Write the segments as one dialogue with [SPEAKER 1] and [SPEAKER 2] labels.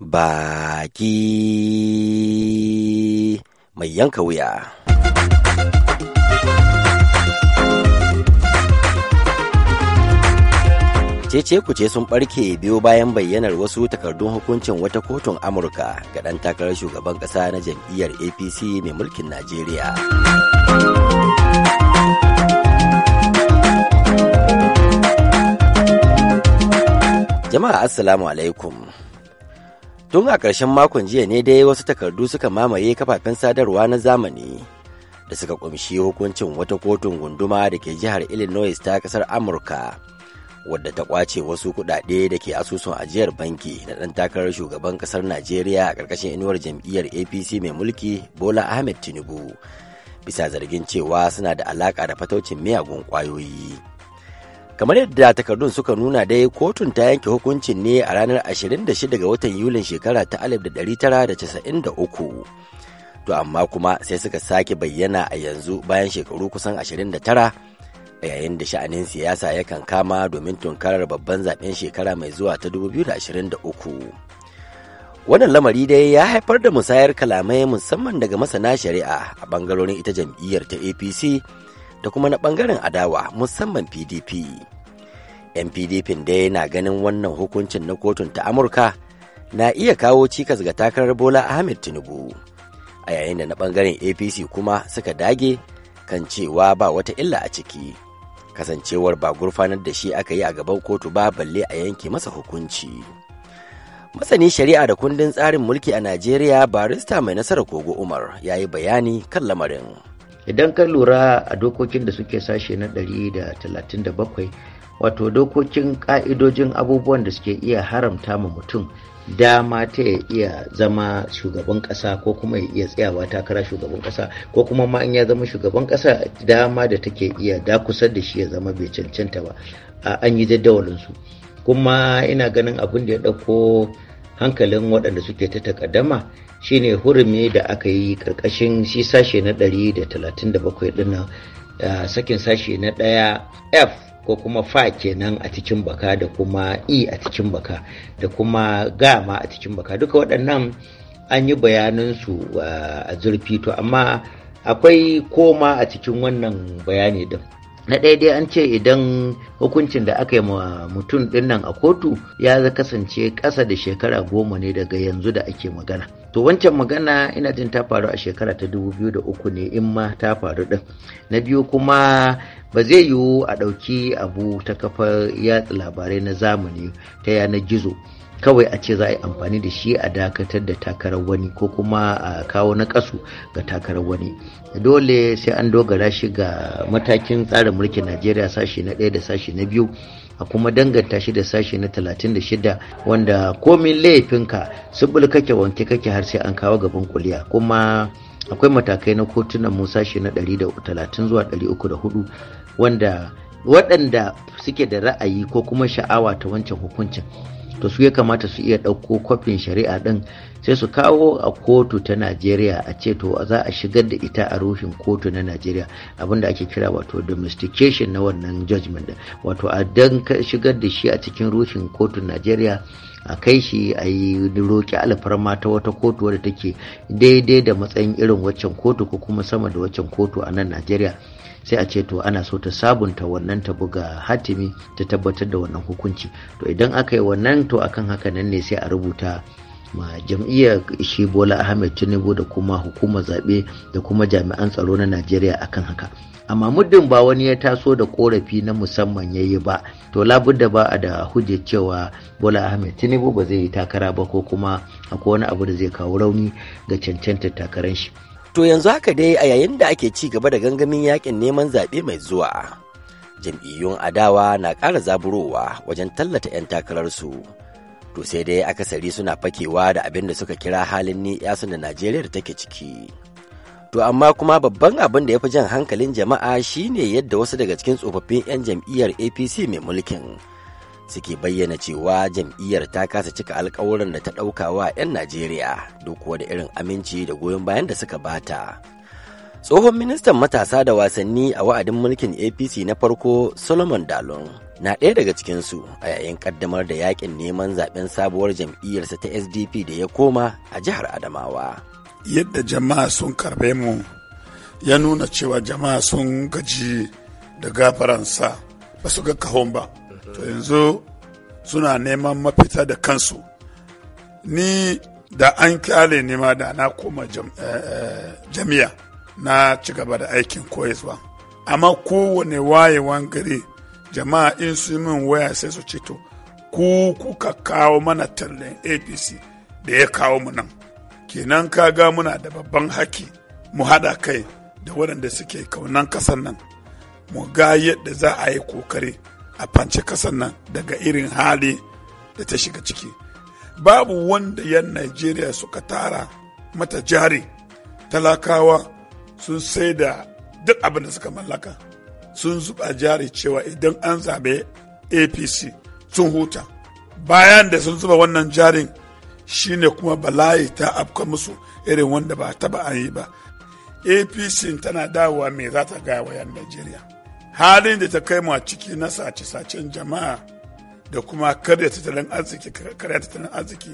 [SPEAKER 1] baki mai yanka wuya. Cece ce sun ɓarke biyo bayan bayyanar wasu takardun hukuncin wata kotun Amurka ga ɗan takarar shugaban ƙasa na jam'iyyar APC mai mulkin Najeriya. Jama'a Assalamu alaikum. Tun a ƙarshen makon jiya ne dai wasu takardu suka mamaye kafafen sadarwa na zamani da suka ƙunshi hukuncin wata kotun gunduma da ke jihar Illinois ta ƙasar Amurka wadda ta ƙwace wasu kuɗaɗe da ke asusun ajiyar banki na ɗan takarar shugaban ƙasar Najeriya a ƙarƙashin inuwar jam'iyyar APC mai mulki Bola Ahmed Tinubu bisa zargin cewa suna da alaƙa da fataucin miyagun ƙwayoyi. kamar yadda takardun suka nuna dai kotun ta yanke hukuncin ne a ranar 26 ga watan yulin shekara ta 1993 to amma kuma sai suka sake bayyana a yanzu bayan shekaru kusan 29 yayin da sha'anin siyasa ya kan kama domin tunkarar babban zaben shekara mai zuwa ta 2023 wannan lamari dai ya haifar da musayar kalamai musamman daga masana shari'a a bangarorin ita jam'iyyar ta apc da kuma na bangaren adawa musamman pdp yan pdp dai na ganin wannan hukuncin na kotun ta amurka na iya kawo cikas ga takarar bola ahmed tinubu a yayin da na bangaren apc kuma suka dage kan cewa ba wata illa a ciki kasancewar ba gurfanar da shi aka yi a gaban kotu ba balle a yanke masa hukunci masani shari'a da kundin tsarin mulki a najeriya barista mai nasarar kogo umar ya yi bayani kan lamarin idan ka lura a dokokin da suke sashe na 137
[SPEAKER 2] wato dokokin ka'idojin abubuwan da suke iya haramta ma mutum dama ta ya iya zama shugaban kasa ko kuma ya iya tsayawa takara shugaban kasa ko kuma ma in ya zama shugaban kasa dama da take iya dakusar da shi ya zama bai cancanta ba an yi jaddawalinsu kuma ina ganin abin da ya ɗauko hankalin waɗanda suke ta takaddama shine hurumi da aka yi ƙarƙashin shi sashe na 137 ɗin sakin sashe na ɗaya f ko kuma fa kenan a cikin baka da kuma e a cikin baka da kuma gama a cikin baka duka waɗannan an yi bayanansu a zurfi to amma akwai koma a cikin wannan bayani din na ɗaya dai an ce idan hukuncin da aka yi ma mutum dinnan a kotu ya kasance ƙasa da shekara goma ne daga yanzu da ake magana to wancan magana ina jin ta faru a shekara ta uku ne in ma ta faru ɗin na biyu kuma ba zai yiwu a ɗauki abu ta kafar yatsa labarai na zamani ta yanar gizo kawai a ce za a yi amfani da shi a dakatar da takarar wani ko kuma a kawo na kasu ga takarar wani dole sai an dogara shi ga matakin tsarin mulkin najeriya sashi na ɗaya da sashi na biyu a kuma danganta shi da sashi na 36 wanda komin laifinka subul kake wanke kake har sai an kawo gaban kuliya kuma akwai matakai na kotunan mu sashi na 130 zuwa 304 wanda waɗanda suke da ra'ayi ko kuma sha'awa ta wancan hukuncin to su ya kamata su iya ɗauko kwafin shari'a ɗin sai su kawo a kotu ta najeriya a ce to za a shigar da ita a rufin kotu na najeriya abinda ake kira wato domestication na wannan judgment ɗin wato a dan shigar da shi a cikin rufin kotun najeriya a kai shi a yi roƙi alfarma ta wata kotu wadda take daidai da matsayin irin waccan kotu ko kuma sama da waccan kotu a nan najeriya sai a ce to ana so ta sabunta wannan ta buga hatimi ta tabbatar da wannan hukunci to idan aka yi wannan to akan haka nan ne sai a rubuta ma jam'iyyar shi bola ahmed tinubu da kuma hukumar zaɓe da kuma jami'an tsaro na najeriya akan haka amma muddin ba wani ya taso da korafi na musamman ya yi ba to labudda ba a da hujje cewa bola ahmed tinubu ba zai yi takara ba ko kuma akwai wani abu da zai kawo rauni ga cancanta takarar shi
[SPEAKER 1] To yanzu haka dai a yayin da ake ci gaba da gangamin yakin neman zaɓe mai zuwa. Jam'iyyun adawa na ƙara zaburowa wajen tallata 'yan takararsu. To sai dai akasari suna fakewa da abin da suka kira halin ni da Najeriya da take ciki. To amma kuma babban abin da ya fi jan hankalin jama'a shine yadda wasu daga cikin tsofaffin 'yan jam'iyyar APC mai mulkin suke bayyana cewa jam'iyyar ta kasa cika alkawuran da ta ɗauka wa 'yan Najeriya duk da irin aminci da goyon bayan da suka bata. Tsohon ministan matasa da wasanni a wa'adin mulkin APC na farko Solomon Dalon na ɗaya daga cikinsu a yayin ƙaddamar da yakin neman zaɓen sabuwar jam'iyyarsa ta SDP da
[SPEAKER 3] ya koma a jihar Adamawa. Yadda jama'a sun karbe mu ya nuna cewa jama'a sun gaji da gafaransa ba su ga kahon ba. to yanzu suna neman mafita da kansu ni da an kyale nema da na koma eh, eh, jami'a na ci gaba da aikin koyarwa amma kowane wayewan gari jama'a in su min waya sai su ce to ku kuka kawo mana tallan apc da ya kawo mu nan kenan ka ga muna da babban haki mu haɗa kai da waɗanda suke kaunan ƙasar nan mu ga yadda za a yi kokari a fance kasan nan daga irin hali da ta shiga ciki babu wanda 'yan najeriya suka tara mata jari talakawa sun sai da duk abin da suka mallaka sun zuba jari cewa idan an zabe apc sun huta bayan da sun zuba wannan jarin shine kuma balayi ta afka musu irin wanda ba taba an yi ba apc tana dawowa mai za ta gaya wa 'yan najeriya halin da ta kai mu a ciki na sace-sacen jama'a da kuma karya tattalin arziki karya tattalin arziki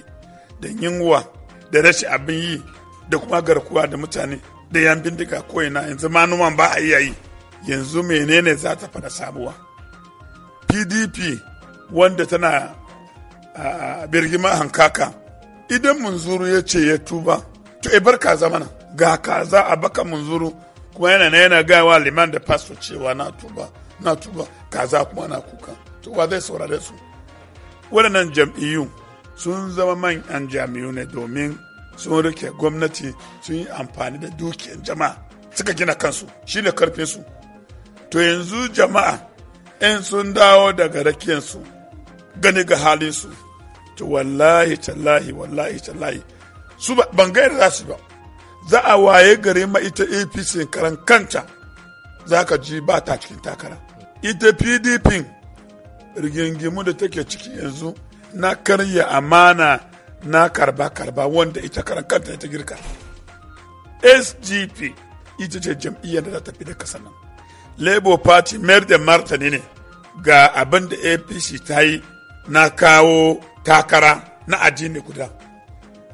[SPEAKER 3] da yinwa da rashin abin yi da kuma garkuwa da mutane da yan bindiga ko'ina yanzu ma numan ba a iya yi yanzu menene za ta fada sabuwa pdp wanda tana a birgima hankaka idan munzuru ya ce ya tuba to e bar kaza mana ga kaza a baka munzuru kuma yana na yana gaya wa liman da pastor cewa na tuba na tuba kaza kuma na kuka to wa zai saurare su waɗannan jam'iyyu sun zama manyan jami'u ne domin sun rike gwamnati sun yi amfani da dukiyar jama'a suka gina kansu shi ne karfe su to yanzu jama'a in sun dawo daga su gani ga halin su to wallahi tallahi wallahi tallahi su ban gaira za su ba za a waye gare ma ita apc karan kanta za ka ji ba ta cikin takara ita pdp rigingimu da take ciki yanzu na karya amana na karba-karba wanda ita karan kanta ita girka sgp ita ce jam'iyyar da za ta fi da kasa nan labour party mayar da martani ne ga abin da apc ta yi na kawo takara na addini guda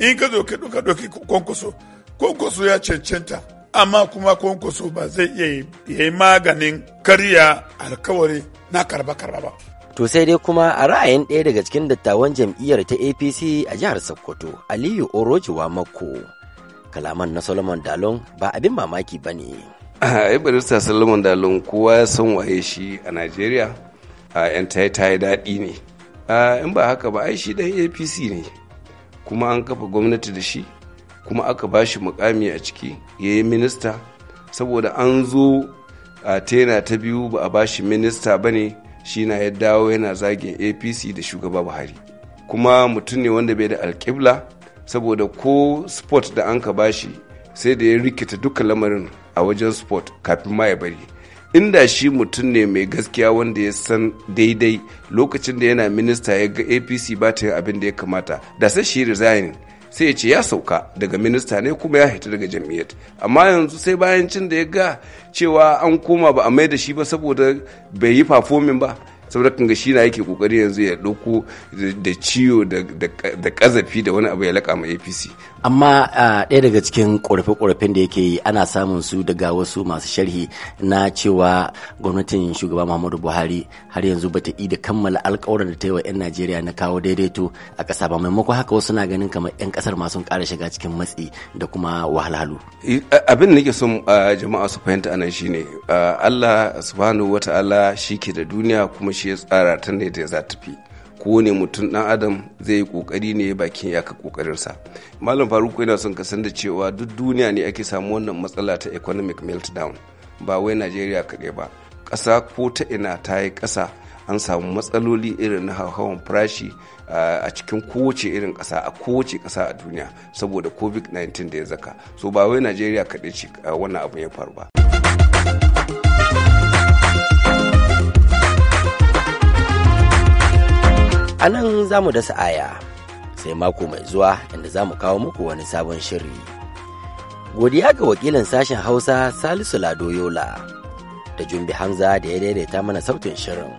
[SPEAKER 3] in ka zo ka ɗauki kwankwaso kwankwaso ya cancanta amma kuma kwankwaso ba zai iya yi maganin karya alkawari na karba karba ba
[SPEAKER 1] to sai dai kuma a ra'ayin ɗaya daga cikin dattawan jam'iyyar ta apc a jihar sokoto aliyu orojiwa Mako. kalaman na solomon dalon ba abin mamaki ba ne
[SPEAKER 4] a ah, barista solomon dalon kowa ya san waye shi a najeriya a ah, 'yan ta yi daɗi ne ah, in ba haka ba ai shi ɗan apc ne kuma an kafa gwamnati da shi kuma aka ba shi mukami a ciki ya yi minista saboda an zo a tena ta biyu ba a ba shi minista ba ne shi na ya dawo yana zagin apc da shugaba buhari kuma mutum ne wanda bai da alkibla saboda ko sport da an ka ba shi sai da ya rikita duka lamarin a wajen sport kafin ma ya bari inda shi mutum ne mai gaskiya wanda ya san daidai lokacin da yana minista ya ga apc ba ta yin abin da ya kamata da sai shi resign sai ya ce ya sauka daga minista ne kuma ya hita daga jam'iyyar amma yanzu sai bayan cin da ya ga cewa an koma ba a mai da shi ba saboda bai yi fafomin ba saboda kan shi na yake kokari yanzu ya ɗauko da ciwo da kazafi da wani abu ya laka ma APC
[SPEAKER 1] amma ɗaya daga cikin korafe-korafen da yake yi ana samun su daga wasu masu sharhi na cewa gwamnatin shugaba Muhammadu Buhari har yanzu bata da kammala alkawarin da ta yi wa 'yan Najeriya na kawo daidaito a ƙasa ba maimakon haka wasu na ganin kamar 'yan ƙasar masu ƙara shiga cikin matsi da kuma wahalhalu.
[SPEAKER 4] Abin da nake son jama'a su fahimta anan shine Allah subhanahu wata'ala shi ke da duniya kuma shi ya tsara ta ne da za ta fi ko ne mutum dan adam zai yi kokari ne bakin yaka kokarinsa malam faruk yana son ka san da cewa duk duniya ne ake samu wannan matsala ta economic meltdown ba wai najeriya kaɗai ba ƙasa ko ta ina ta yi ƙasa an samu matsaloli irin na hauhawan farashi a cikin kowace irin ƙasa a kowace ƙasa a duniya saboda covid-19 da ya zaka so ba wai najeriya kaɗai ce wannan abin ya faru ba
[SPEAKER 1] A nan za mu dasa aya, sai mako mai zuwa inda za mu kawo muku wani sabon shiri. Godiya ga wakilin sashen Hausa Salisu Lado Yola da Jumbi Hamza da ya daidaita mana sautin shirin.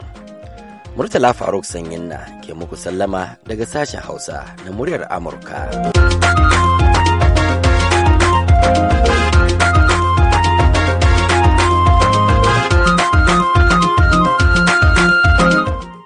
[SPEAKER 1] Murtala Faruk Sanyinna ke muku sallama daga sashen Hausa na muryar Amurka.